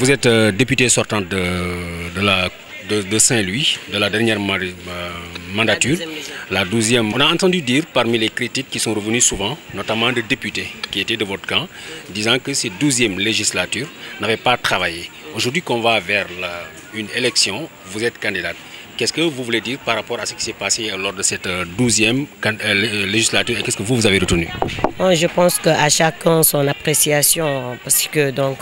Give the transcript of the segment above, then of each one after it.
Vous êtes euh, député sortant de, Saint-Louis, de la dernière euh, mandature, la douzième. On a entendu dire parmi les critiques qui sont revenues souvent, notamment de députés qui étaient de votre camp, disant que ces douzième législature n'avait pas travaillé. Aujourd'hui qu'on va vers une élection, vous êtes candidate. Qu'est-ce que vous voulez dire par rapport à ce qui s'est passé euh, lors de cette 12e euh, euh, législature et qu'est-ce que vous, avez retenu Je pense qu'à chacun son appréciation parce que donc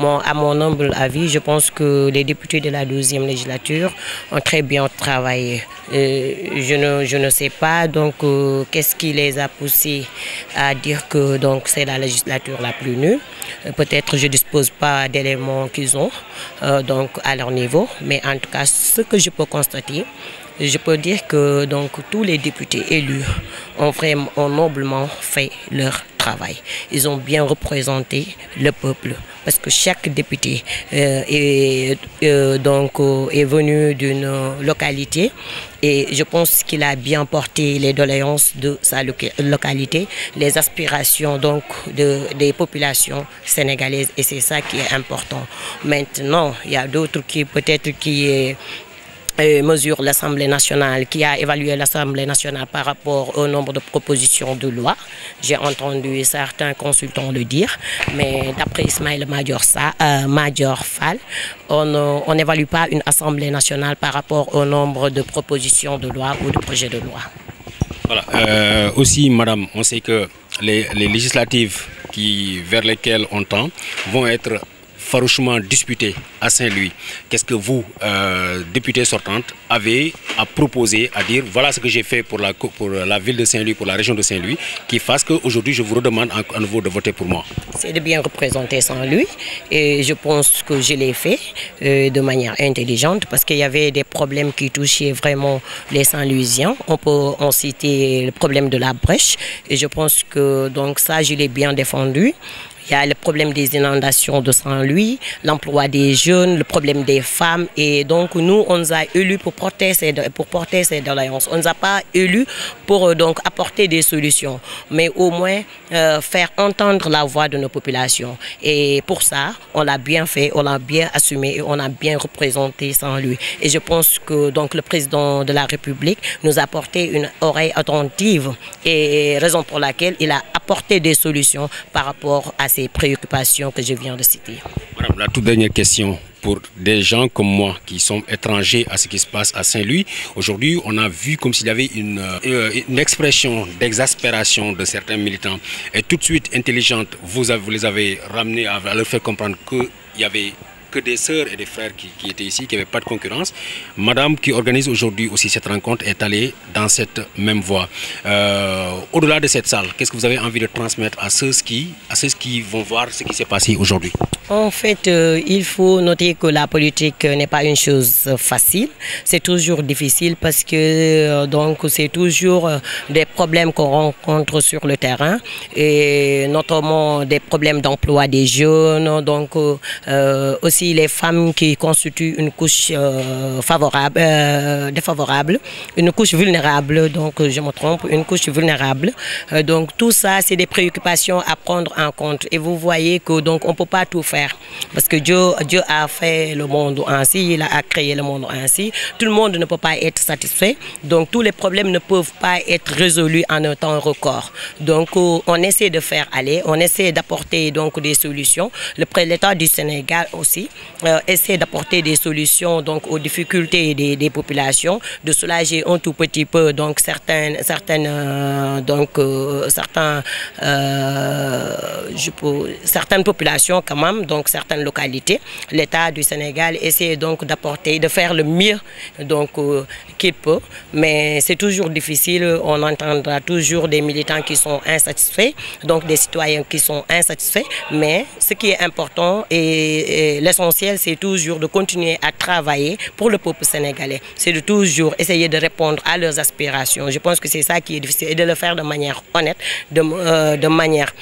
à mon humble avis, je pense que les députés de la 12e législature ont très bien travaillé. je, ne, sais pas donc qu'est-ce qui les a poussés à dire que c'est la législature la plus nue. Peut-être je ne dispose pas d'éléments qu'ils ont donc à leur niveau, mais en tout cas ce que je peux constater je peux dire que donc tous les députés élus ont vraiment ont noblement fait leur travail. Ils ont bien représenté le peuple parce que chaque député euh, est euh, donc euh, est venu d'une localité et je pense qu'il a bien porté les doléances de sa localité, les aspirations donc de, des populations sénégalaises et c'est ça qui est important. Maintenant, il y a d'autres qui peut-être qui euh, mesure l'Assemblée nationale, qui a évalué l'Assemblée nationale par rapport au nombre de propositions de loi. J'ai entendu certains consultants le dire, mais d'après Ismaël Major, euh, Major Fall, on n'évalue pas une Assemblée nationale par rapport au nombre de propositions de loi ou de projets de loi. Euh, aussi, madame, on sait que les, législatives qui, vers lesquelles on tend vont être farouchement disputé à Saint-Louis, qu'est-ce que vous, euh, député sortante, avez à proposer, à dire voilà ce que j'ai fait pour la, ville de Saint-Louis, pour la région de Saint-Louis, qui fasse qu'aujourd'hui je vous redemande à nouveau de voter pour moi C'est de bien représenter Saint-Louis et je pense que je l'ai fait euh, de manière intelligente parce qu'il y avait des problèmes qui touchaient vraiment les Saint-Louisiens. On peut en citer le problème de la brèche et je pense que donc ça je l'ai bien défendu il y a le problème des inondations de Saint-Louis, l'emploi des jeunes, le problème des femmes. Et donc, nous, on nous a élus pour porter ces, pour porter ces On ne nous a pas élus pour euh, donc, apporter des solutions, mais au moins euh, faire entendre la voix de nos populations. Et pour ça, on l'a bien fait, on l'a bien assumé et on a bien représenté Saint-Louis. Et je pense que donc, le président de la République nous a porté une oreille attentive et raison pour laquelle il a apporté des solutions par rapport à préoccupations que je viens de citer. Madame, la toute dernière question pour des gens comme moi qui sont étrangers à ce qui se passe à Saint-Louis. Aujourd'hui, on a vu comme s'il y avait une, euh, expression d'exaspération de certains militants. Et tout de suite, intelligente, vous, avez, vous les avez ramenés à leur faire comprendre qu'il y avait des sœurs et des frères qui, étaient ici, qui n'avaient pas de concurrence. Madame qui organise aujourd'hui aussi cette rencontre est allée dans cette même voie. Euh, au-delà de cette salle, qu'est-ce que vous avez envie de transmettre à ceux qui, à ceux qui vont voir ce qui s'est passé aujourd'hui en fait, euh, il faut noter que la politique euh, n'est pas une chose euh, facile. C'est toujours difficile parce que donc c'est toujours des problèmes qu'on rencontre sur le terrain et notamment des problèmes d'emploi des jeunes. Donc aussi les femmes qui constituent une couche favorable, défavorable, une couche vulnérable. Donc je me trompe, une couche vulnérable. donc tout ça, c'est des préoccupations à prendre en compte. Et vous voyez que donc on peut pas tout faire parce que Dieu, Dieu a fait le monde ainsi, il a créé le monde ainsi. Tout le monde ne peut pas être satisfait. Donc tous les problèmes ne peuvent pas être résolus en un temps record. Donc euh, on essaie de faire aller, on essaie d'apporter donc des solutions. Le l'État du Sénégal aussi euh, essaie d'apporter des solutions donc aux difficultés des, populations, de soulager un tout petit peu donc certaines certaines euh, donc certains je certaines populations quand même donc certaines localités, l'État du Sénégal essaie donc d'apporter, de faire le mieux donc euh, qu'il peut, mais c'est toujours difficile. On entendra toujours des militants qui sont insatisfaits, donc des citoyens qui sont insatisfaits, mais ce qui est important et, l'essentiel, c'est toujours de continuer à travailler pour le peuple sénégalais. C'est de toujours essayer de répondre à leurs aspirations. Je pense que c'est ça qui est difficile et de le faire de manière honnête, de euh, manière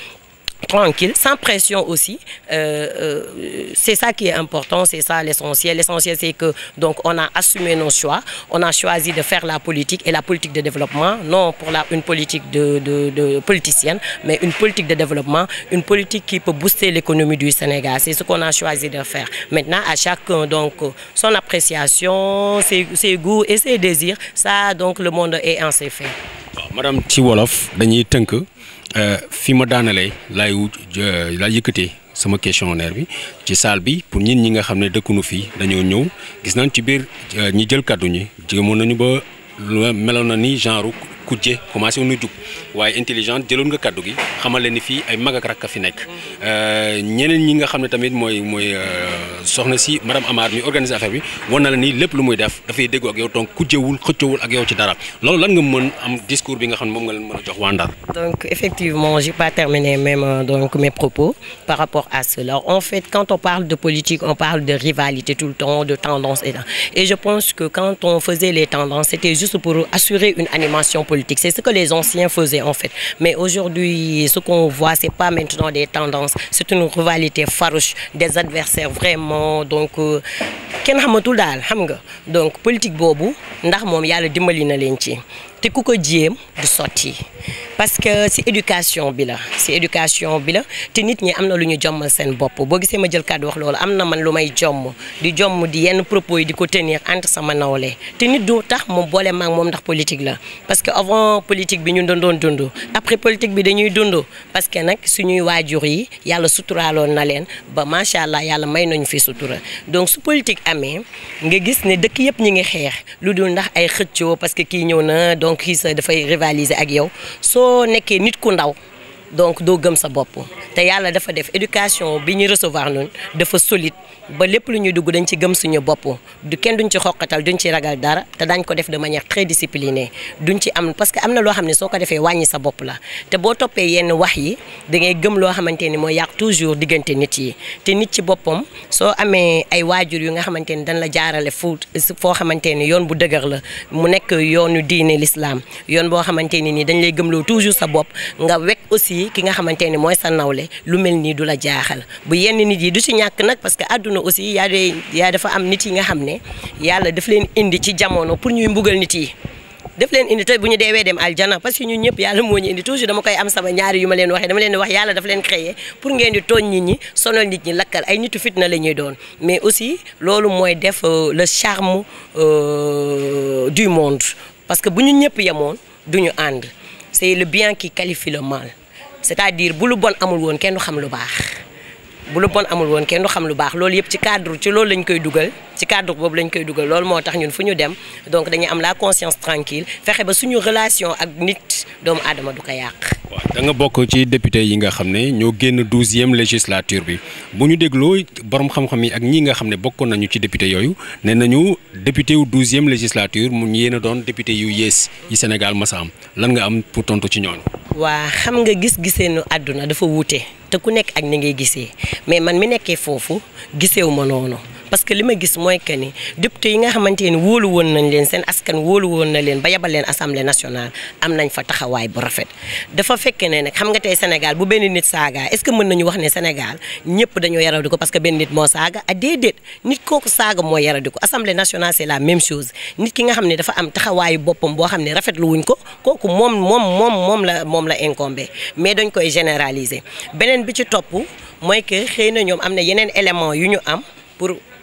tranquille, sans pression aussi. Euh, euh, c'est ça qui est important, c'est ça l'essentiel. L'essentiel, c'est que donc on a assumé nos choix, on a choisi de faire la politique et la politique de développement, non pour la, une politique de, politicienne, mais une politique de développement, une politique qui peut booster l'économie du Sénégal. C'est ce qu'on a choisi de faire. Maintenant, à chacun donc son appréciation, ses, goûts et ses désirs, ça donc le monde est en ses faits. waaw madame ci wolof dañuy tënk euh, fi ma daanalee laay laay yëkkatee sama question questionnaire bi ci salle bi pour ñin ñi nga xam ne dëkkunu fii dañoo ñëw gis nañ ci biir euh, ñi jël kàddu ñi jéemoon nañu ba meloon na ni genre kujje commencé wu ñu waye intelligente jëloon nga kaddu gi xamal leni fi ay mag ak rakk fi nek euh ñeneen ñi nga xamne ne tamit moy mooy euh, soxna si madame Amar mi organiser affaire bi wan na la ni lépp lu muy def fay déggoo ak yow donc ku jëwul xëccowul ak yow ci dara loolu lan nga mën am discours bi nga xamne ne nga leen mëna jox wandar donc effectivement j'ai pas terminé même euh, donc mes propos par rapport à cela en fait quand on parle de politique on parle de rivalité tout le temps de tendance et et je pense que quand on faisait les tendances c'était juste pour assurer une animation politique c'est ce que les anciens faisaient mais aujourd'hui, ce qu'on voit, c'est pas maintenant des tendances. C'est une rivalité farouche des adversaires vraiment. Donc, euh, ken donc politique bobu, ndax mom yalla dimbali te ku ko jéem du sotti parce que si éducation bi la si éducation bi la te nit ñi amna luñu lu ñu jommal seen bopp boo ma jël cadeau wax lool amna man lumay jom di jom di yenn propos yi di tenir entre sama nawlé te nit do tax moom bolé mak mom ndax politique la parce que avant politique bi ñu doon doon dund après politique bi dañuy dundu parce que nak suñuy wajur yi yalla suturaaloon na len ba machallah yalla may nañu fi sutura donc su politique amé nga gis né dëkk yëpp ñi ngi xeex lu dul ndax ay xëccio parce que ki ñëw na donc donc kii sax dafay rivaliser ak yow soo nekkee nit ku ndaw donc doo gëm sa bopp te yàlla dafa def éducation bi ñu recevoir noonu dafa solide ba lépp lu ñuy dugg dañ ci gëm suñu bopp du kenn duñ ci xoqatal duñ ci ragal dara te dañ ko def de manière très disciplinée duñ ci am parce que am na loo xam ne soo ko defee wàññi sa bopp la te boo toppee yenn wax yi da ngay gëm loo xamante ni mooy yàq toujours diggante nit yi te nit ci boppam soo amee ay waajur yu nga xamante ni dañ la jaarale fu foo xamante ni yoon bu dëgër la mu nekk yoonu diine l'islam yoon boo xamante ni nii dañ lay gëmloo toujours sa bopp nga wekk aussi ci ki nga xamante ne mooy sa nawle lu melni nii du jaaxal bu yenn nit yi du ci ñàkk nak parce que aduna aussi ya de yaa dafa am nit yi nga xam yalla daf leen indi ci jamono pour ñuy mbugal nit yi daf leen indi tay buñu déwé dem aljana parce que ñun ñëpp yalla moo ñu indi toujours dama koy am sama ñaari yu ma leen waxee dama leen wax yalla daf leen créé pour ngeen di togn nit ñi sonal nit ñi lakkal ay nitu fitna lañuy doon mais aussi lolu moy def euh, le charme euh, du monde parce que buñu ñëpp yemoon duñu and c'est le bien qui qualifie le mal c'est-à-dire bu lu bon amul woon kenn du xam lu baax bu lu bon amul woon kenn du xam lu baax loolu yëpp ci cadre ci loolu lañ koy dugal ci cadre bobu lañ koy dugal lool moo tax ñun fuñu dem donc dañuy am la conscience tranquille fexé ba suñu relation ak nit doom adama du ko yàq. da nga bok ci député yi nga xamné ne ñoo 12e législature bi buñu ñu dégloo borom xam-xam yi ak ñi nga xamné bokko nañu ci député yoyu né nañu député wu 12e législature mu yéen doon député yu yes yi Sénégal mas am lan nga am pour tonto ci ñooñu. waa xam nga gis-giseenu àdduna dafa wuute te ku nekk ak ni ngay gisee mais man mi nekkee foofu giseewu ma noonu parce que li ma gis mooy que ni député yi nga xamante ni wóolu woon nañ leen seen askan wóolu woon na leen ba yabal leen assemblée nationale am nañ fa taxawaay bu rafet dafa fekkee ne nag xam nga tey Sénégal bu benn nit saaga est-ce que mën nañu wax ne Sénégal ñëpp dañoo yaraw di ko parce que benn nit moo a ah, déedéet nit kooku saaga moo yaraw di ko assemblée nationale c'est la même chose nit ki nga xam ne dafa am taxawaayu boppam boo xam ne rafetlu wuñ ko kooku moom moom moom moom la moom la incombé mais dañ koy généraliser beneen bi ci topp mooy que xëy na ñoom am na yu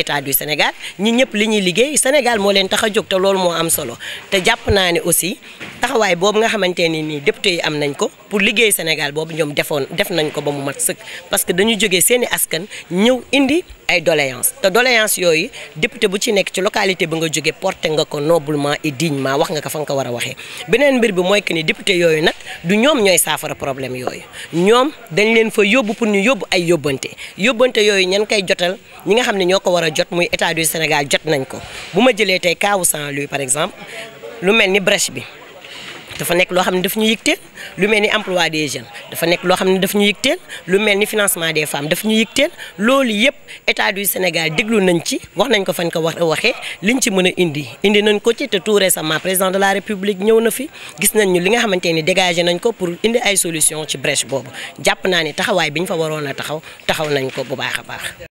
état du Sénégal ñi ñëpp li ñuy liggéey Sénégal moo leen tax a jóg te loolu moo am solo te jàpp naa ne aussi taxawaay boobu nga xamante ne nii député yi am nañ ko pour liggéey Sénégal boobu ñoom defoon def nañ ko ba mu mat sëkk parce que dañu jógee seeni askan ñëw indi ay doléances te doléances yooyu député bu ci nekk ci localité bi nga jógee porté nga ko noblement et dignement wax nga ko fa nga ko war a waxee beneen mbir bi mooy que ni député yooyu nag du ñoom ñooy saafara problème yooyu ñoom dañ leen fa yóbbu pour ñu yóbbu ay yóbbante yóbbante yooyu ñan koy jotal ñi nga xam ne ñoo ko war a jot muy état du Sénégal jot nañ ko bu ma jëlee tey kaawu Saint-Louis par exemple lu mel ni brèche bi dafa nekk loo xam ne daf ñu yëgteel lu mel ni emploi des jeunes dafa nekk loo xam ne daf ñu yëgteel lu mel ni financement des femme daf ñu yëgteel loolu yëpp état du Sénégal déglu nañ ci wax nañ ko fan ko wax waxee ñu ci mën a indi indi nañ ko ci te tout récemment président de la république ñëw na fi gis nañ ñu li nga xamante ni dégagé nañ ko pour indi ay solution ci brèche boobu jàpp naa ne taxawaay bi ñu fa waroon a taxaw taxaw nañ ko bu baax a baax